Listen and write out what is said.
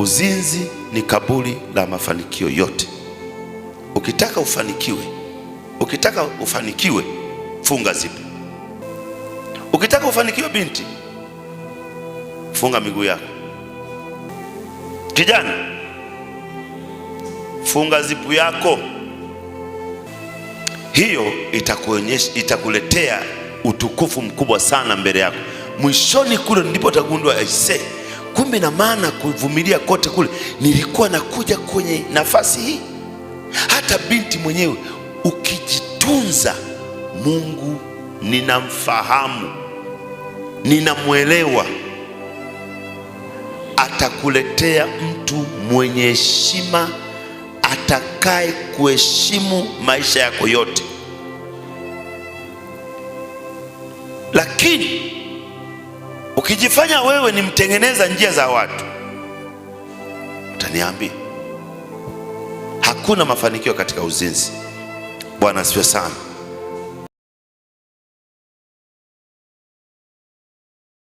Uzinzi ni kaburi la mafanikio yote. Ukitaka ufanikiwe, ukitaka ufanikiwe, funga zipo. Ukitaka ufanikiwe, binti, funga miguu yako. Kijana, funga zipu yako. Hiyo itakuonyesha, itakuletea utukufu mkubwa sana mbele yako. Mwishoni kule ndipo utagundua aisee kumbe na maana kuvumilia kote kule, nilikuwa nakuja kwenye nafasi hii. Hata binti mwenyewe ukijitunza, Mungu ninamfahamu, ninamwelewa, atakuletea mtu mwenye heshima atakaye kuheshimu maisha yako yote, lakini Ukijifanya wewe ni mtengeneza njia za watu, utaniambia hakuna mafanikio katika uzinzi. Bwana asifiwe sana.